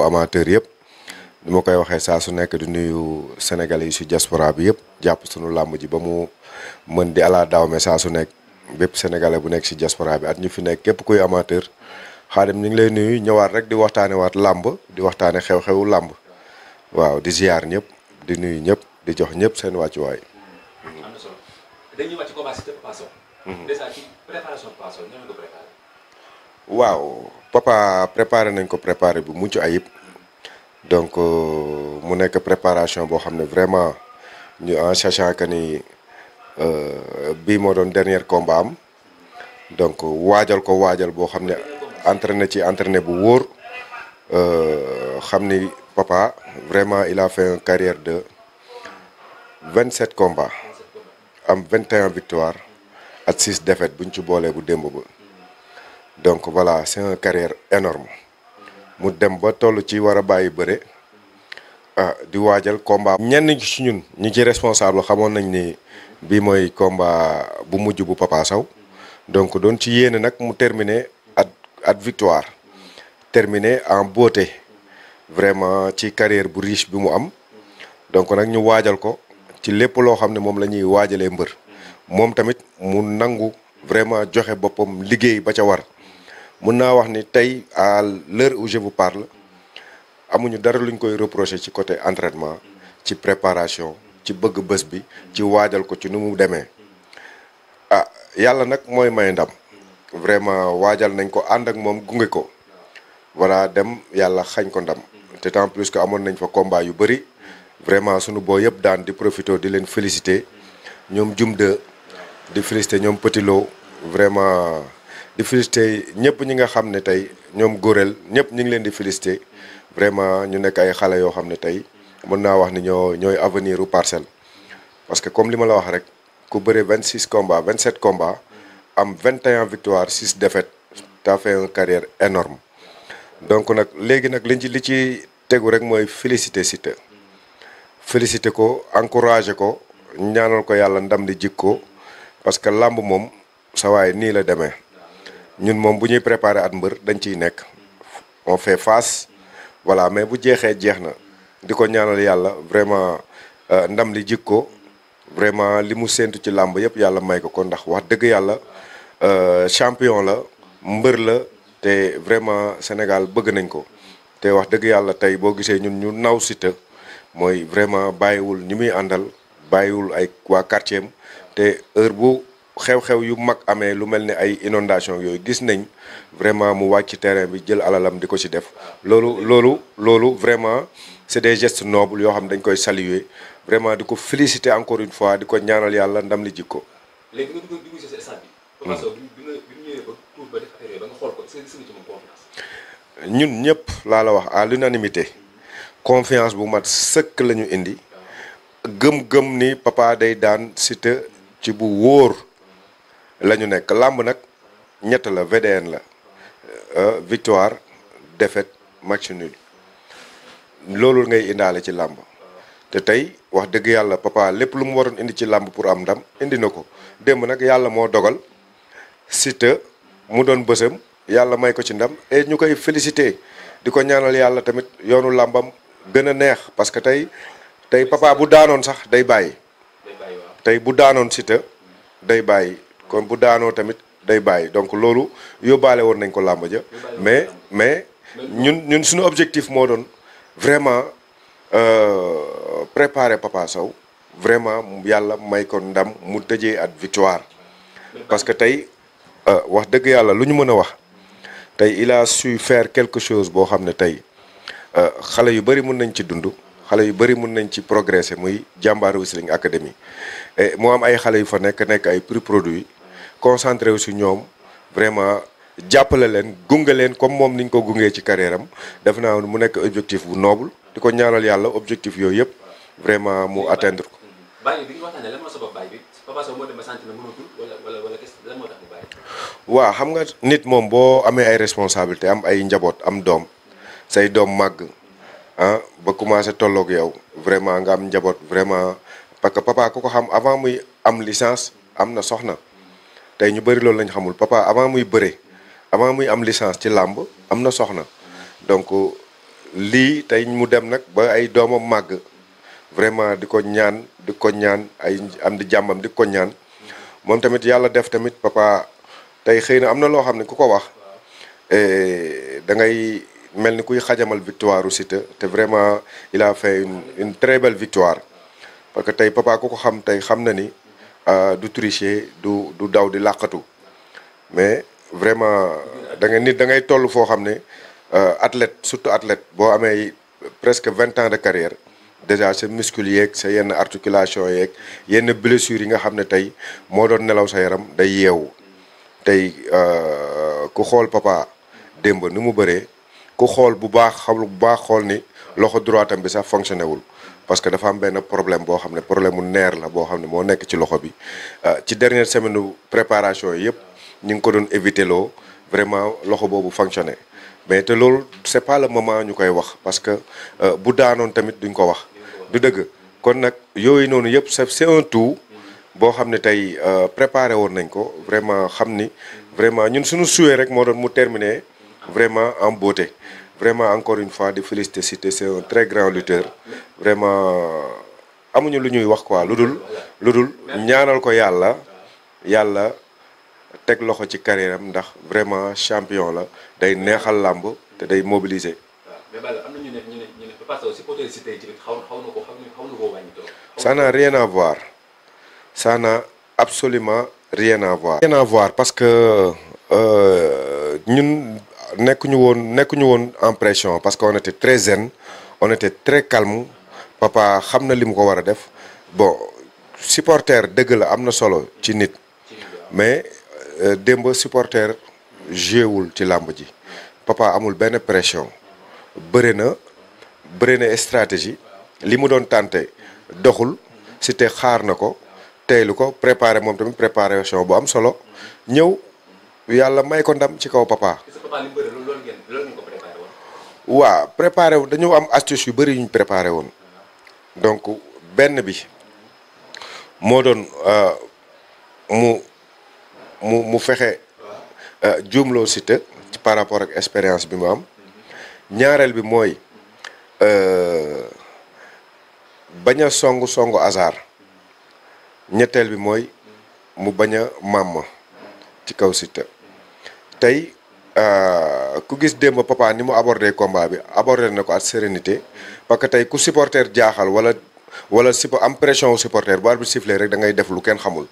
mbokku amateur yëpp ni ma koy waxee saa su nekk di nuyu sénégalais yi si diaspora bi yëpp jàpp sunu làmb ji ba mu mën di ala daaw me saa su nekk bépp sénégalais bu nekk si diaspora bi at ñu fi nekk képp kuy amateur xaadim ñu ngi lay nuyu ñëwaat rek di waxtaane waat làmb di waxtaane xew-xewu làmb waaw di ziar ñëpp di nuyu ñëpp di jox ñëpp seen wàccuwaay. am wàcc combat mhm. waaw. papa préparer nañ ko préparé bu mucc ayib donc euh, mu nekk préparation boo xam ne vraiment ñu en sachant que ni euh, bii moo doon dernier combat am donc waajal ko waajal boo xam ne entraîné ci entraîné bu wóor euh, xam ni papa vraiment il a fait une carrière de vingt sept combats am vingt et un victoires ak six défaites buñ ci boolee bu démb ba. donc voilà c'est une carrière énorme mu dem ba toll ci war a bàyyi bëre ah di waajal combat. ñenn ci ñun ñi ci responsable xamoon nañ ni bii mooy komba bu mujj bu Papa donc doon ci yéene nag mu terminer at at victoire terminer en beauté vraiment ci carrière bu riche bi mu am donc nag ñu waajal ko ci lépp loo xam ne moom la ñuy waajalee mbër moom tamit mu nangu vraiment joxe boppam liggéey ba ca war. mun naa wax ni tey à leur où je vous parle amuñu dara luñ koy reproché ci côté entraitement ci préparation ci bëgg bës bi ci waajal ko ci nu mu demee ah yàlla nag mooy may ndam vraiment waajal nañ ko ànd ak moom gunge ko voilà dem yàlla xañ ko ndam te tant plus que amoon nañ fa combat yu bëri vraiment sunu boo yëpp daan di profité di leen félicité ñoom jum de di félicité ñoom Petit Lo vraiment di félicité ñëpp ñi nga xam ne tey ñoom góoreel ñëpp ñu ngi leen di félicité vraiment ñu nekk ay xale yoo xam ne tey mën naa wax ni ñoo ñooy avenir parcelle parce que comme li ma la wax rek ku bëri bëre 26 vingt 27 combats am 21 victoires 6 défaites t'as fait une carrière énorme donc nag léegi nag liñ ci li ci tegu rek mooy félicité Siteu félicité ko encouragé ko ñaanal ko yàlla ndam di jik ko parce que làmb moom sa waay nii la demee ñun moom bu ñuy préparer at mbër dañ ciy nekk on fait face voilà mais bu jeexee jeex na di ko ñaanal yàlla vraiment euh, ndam li jik ko vraiment li mu séentu ci làmb yëpp yàlla may ko ko ndax wax dëgg yàlla euh, champion la mbër la te vraiment Sénégal bëgg nañ ko te wax dëgg yàlla tey boo gisee ñun ñu naw Siteu mooy vraiment bàyyiwul ñi muy àndal bàyyiwul ay waa quartier te heure bu xew-xew yu mag amee lu mel ni ay inondation yooyu gis nañ vraiment mu wàcc terrain bi jël alalam di ko ci def loolu loolu loolu vraiment c'est des gestes nobles yoo xam dañ koy saluer vraiment di ko féliciter encore une fois di ko ñaanal yàlla ndam li jikko ko est-ce ñun ñëpp laa la wax à l'unanimité confiance bu mat sëkk la ñu indi hmm. gëm-gëm ni papa day daan Siteu ci bu wóor la ñu nekk làmb nag ñett la VDN la euh, victoire défaite match nul loolu ngay indaale ci làmb te tey wax dëgg yàlla papa lépp lu mu waroon indi ci làmb pour am ndam indi na ko démb nag yàlla moo dogal Siteu mu doon bësam yàlla may ko ci ndam et ñu koy félicité di ko ñaanal yàlla tamit yoonu làmbam gën a neex parce que tey tey papa bu daanoon sax day bàyyi tey bu daanoon Siteu day bàyyi kon bu daanoo tamit day bàyyi donc loolu yóbbaale woon nañ ko làmb ja mais mais ñun ñun suñu objectif moo doon vraiment euh, préparer Papa Sow vraiment yàlla may ko ndam mu tëjee at victoire parce que tey euh, wax dëgg yàlla lu ñu mën a wax tey il a su faire quelque chose boo xam ne tey euh, xale yu bëri mun nañ ci dund xale yu bëri mun nañ ci progresser muy jàmbaaru Wrestling Academy et moo am ay xale yu fa nekk nekk ay prix produit concentré wu si ñoom vraiment jàppale leen gunge leen comme moom niñ ko gungee ci carrière am def naa mu nekk objectif bu noble di ko ñaanal yàlla objectif yooyu yëpp vraiment mu atteindre ko. waa xam nga nit moom boo amee ay responsabilité am ay njaboot am doom say doom màgg ah ba commencé tolloog yow vraiment nga am njaboot vraiment parce que papa ku ko xam avant muy am licence am na soxna. tey ñu bëri loolu lañu xamul papa avant muy bëre avant muy am lissance ci làmb am na soxna donc lii tey mu dem nag ba ay doomam màgg vraiment di ko ñaan di ko ñaan ay am di jàmbam di ko ñaan moom tamit yàlla def tamit papa tey xëy na am na loo xam ne ku ko wax eh, da ngay mel ni kuy xajamal victoire u Siteu te vraiment il a fait une une très belle victoire parce que tey papa ku ko xam tey xam na ni Ah, du tricher du du daw di làqatu mais vraiment da nga nit da ngay toll foo xam ne ah, athlète surtout athlète boo amee presque vingt ans de carrière déjà sa muscle yeeg sa yenn articulation yeeg yenn blessures yi nga xam ne tey moo doon nelaw sa yaram day yeewu tey ah, ku xool papa démb ni mu bëree ku xool bu baax xam bu baax xool ni loxo droitam bi sax fonctionné wul parce que dafa am benn problème boo xam ne problème mu neer la boo xam ne moo nekk ci loxo bi euh, ci dernière semaine préparation yëpp ñu ngi ko doon éviter loo vraiment loxo boobu fonctionné mais te loolu c'est pas le moment ñu koy wax parce que euh, bu daanoon tamit duñ ko wax du dëgg kon nag yooyu noonu yëpp c'est un tout boo xam ne tey euh, préparé woon nañ ko vraiment xam ni vraiment ñun suñu souhait rek moo doon mu terminer vraiment en beauté vraiment encore une fois di féliciter Siteu c'est un très grand lutteur vraiment amuñu lu ñuy wax quoi lu dul lu dul ñaanal ko yàlla yàlla teg loxo ci carrière ndax vraiment champion la day neexal làmb te day mobiliser. mais Balla am na ñu voir absolument rien à parce que euh, ñun. nekkuñu woon nekkuñu woon en pression parce que on était très zen on était très calme papa xam na li mu ko war a def bo supporter dëgg la am na solo ci nit mais euh, démb supporter jéewul ci làmb ji papa amul benn pression bëre na bëre na stratégie li mu doon tànte doxul si te xaar na ko teylu ko préparé moom tamit préparation bu am solo ñëw yàlla may ko ndam ci kaw papa. waa préparé wu dañoo am astuce yu bëri yuñ préparé woon donc benn bi moo doon euh, mu mu mu fexe euh, juumloo Siteu ci par rapport ak expérience bi mu am ñaareel bi mooy euh, bañ a songu songu hasard ñetteel bi mooy mu bañ a ma ci kaw Siteu tey euh, ku gis démb papa ni mu abordé combat bi abordé na ko ak sérénité parce que tey ku supporter jaaxal wala wala si am pression wu supporter bu arbitre sifflé rek da def lu kenn xamul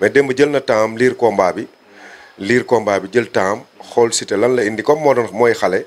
mais démb jël na temps liir komba bi liir combat bi jël temps xool Siteu lan la indi comme moo doon mooy xale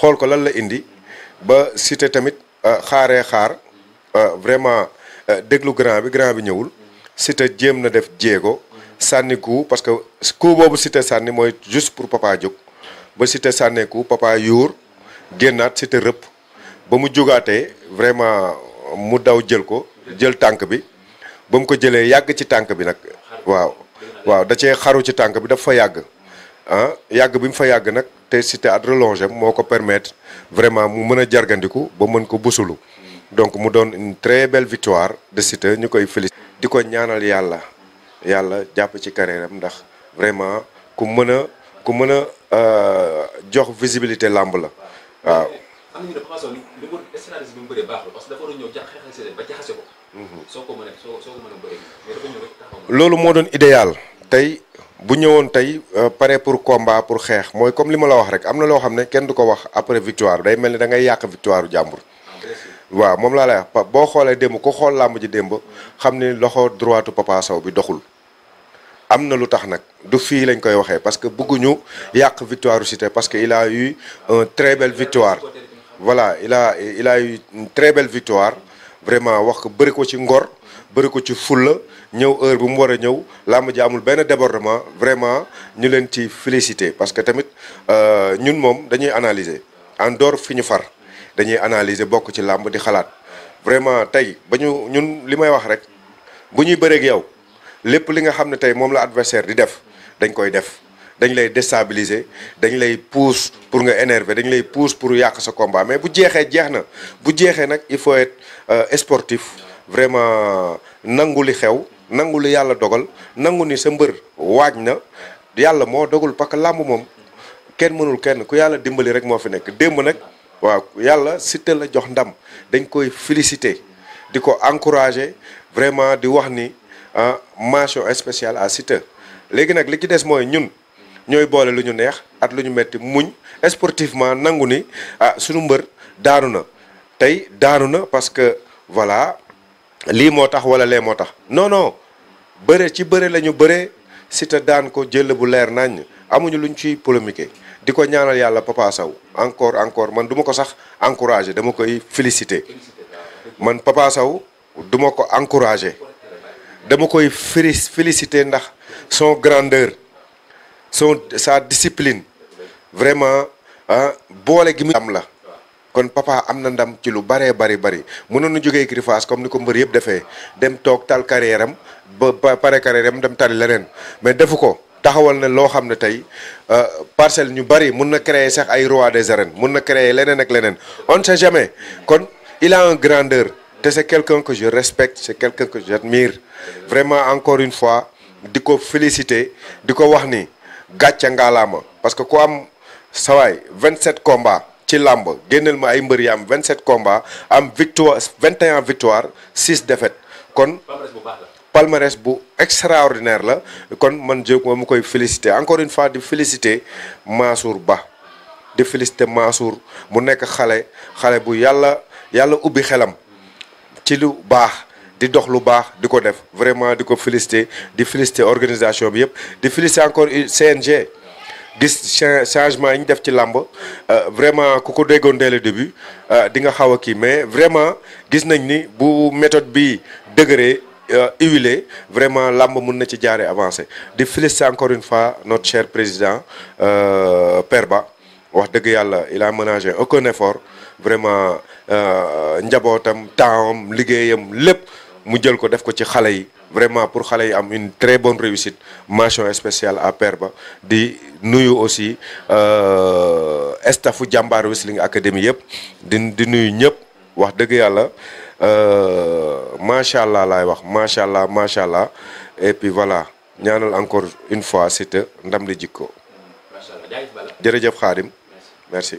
xool ko lan la indi ba Siteu tamit euh, xaaree xaar euh, vraiment déglu grand bi grand bi ñëwul Siteu jéem na def jéego sànni ku parce que ku boobu Siteu sànni mooy juste pour papa jóg ba Siteu sànnee ku papa yuur génnaat Siteu rëpp ba mu jógaatee vraiment mu daw jël ko jël tànk bi ba ko jëlee yàgg ci tànk bi nag waaw waaw da cee xaru ci tànk bi dafa fa yàgg ah yàgg bi mu fa yàgg nag te Siteu at relongé moo ko permettre vraiment mu mën a jargandiku ba mën ko busulu donc mu doon une très belle victoire de Siteu ñu koy féliciter di ko ñaanal yàlla yàlla jàpp ci carrière ndax vraiment ku mën a ku mën a euh, jox visibilité làmb la waaw. que dafa mhm. soo loolu moo doon idéal tey bu ñëwoon tey euh, pare pour combat pour xeex mooy comme li ma la wax rek am na loo xam ne kenn du ko wax après victoire day mel ni da ngay yàq victoire jàmbur. Ah, waaw moom laa lay wax boo xoolee démb ku xool làmb ji démb xam ne loxo droitu Papa bi doxul. am na lu tax nag du fii lañ koy waxee parce que bëgguñu yàq victoire Cité parce que il a eu une très belle victoire voilà il a il a eu belle victoire vraiment wax ko bëri ko ci ngor bëri ko ci fulla ñëw heure bu mu war a ñëw làmb ji amul benn débordement vraiment ñu leen ci félicité parce que tamit euh, ñun moom dañuy analyser en dor fi ñu far dañuy analyser bokk ci làmb di xalaat vraiment tey ba ñu ñun li may wax rek bu ñuy bëreeg yow. lépp li nga xam ne tey moom la adversaire di def dañ koy def dañ lay déstabiliser dañ lay pousse pour nga énerver dañ lay pousse pour yàq sa combat mais bu jeexee jeex na bu jeexee nag il faut être euh, sportif vraiment nangu li xew nangu li yàlla dogal nangu ni sa mbër waaj na yàlla moo dogul parce que làmb moom kenn mënul kenn ku yàlla dimbali rek moo fi nekk démb nag waaw yàlla Siteu la jox ndam dañ koy féliciter di ko encourager vraiment di wax ni ah mention spéciale à Siteu léegi nag li ci des mooy ñun ñooy boole lu ñu neex at lu ñu metti muñ sportivement nangu ni ah suñu mbër daanu na tey daanu na parce que voilà lii moo tax wala lee moo tax noonoo non bëre ci bëre la ñu bëre Siteu daan ko jël bu leer naññ amuñu luñ ciy polémiquer di ko ñaanal yàlla Papa Sow encore encore man duma ko sax encouragé dama koy félicité man Papa Sow du ko encouragé dama koy féliciter ndax son grandeur son sa discipline vraiment ah boole gi mu am la kon papa am na ndam ci lu baree bari bari mënoon na jógee écurie Fass comme ni ko mbër yëpp defee dem toog tal carrière am ba pare carrière am dem tali leneen mais defu ko taxawal na loo xam ne tey euh, parcelle ñu bari mun na créer sax ay roi des arènes mun na créer leneen ak leneen on ne jamais kon il un grandeur te c'est quelqu'un que je respecte c'est quelqu'un que j'admire vraiment encore une fois di ko féliciter di ko wax ni gàcce ngaalaama parce que ku am sawaay 27 combats ci làmb génneel ma ay mbër yi am 27 combats am victoire 21 victoire 6 défaites kon palmarès bu extraordinaire la kon man jë moo mu koy féliciter encore une fois di féliciter Mansour Ba di féliciter Mansour mu nekk xale xale bu yàlla yàlla ubbi xelam ci lu baax di dox lu baax di ko def vraiment di ko félicité di félicité organisation bi yëpp di félicité encore CNG gis changement yi ñu def ci làmb euh, vraiment ku ko déggoon dès le début euh, di nga xaw a kii mais vraiment gis nañ ni bu méthode bi dëgëree euh, huilé vraiment lamb mun na ci jaaree avancé di félicité encore une fois notre cher président Père Ba wax dëgg yàlla il a ménagé aucun effort vraiment euh, njabootam taawam liggéeyam lépp mu jël ko def ko ci xale yi vraiment pour xale yi am une très bonne réussite mention spéciale à Père Ba di nuyu aussi euh, staffu Jàmbaar Wrestling Academy yëpp di di nuyu ñëpp wax dëgg yàlla euh, macha allah lay wax macha allah macha allah et puis voilà ñaanal encore une fois Siteu ndam li jikko jërëjëf Xaadim merci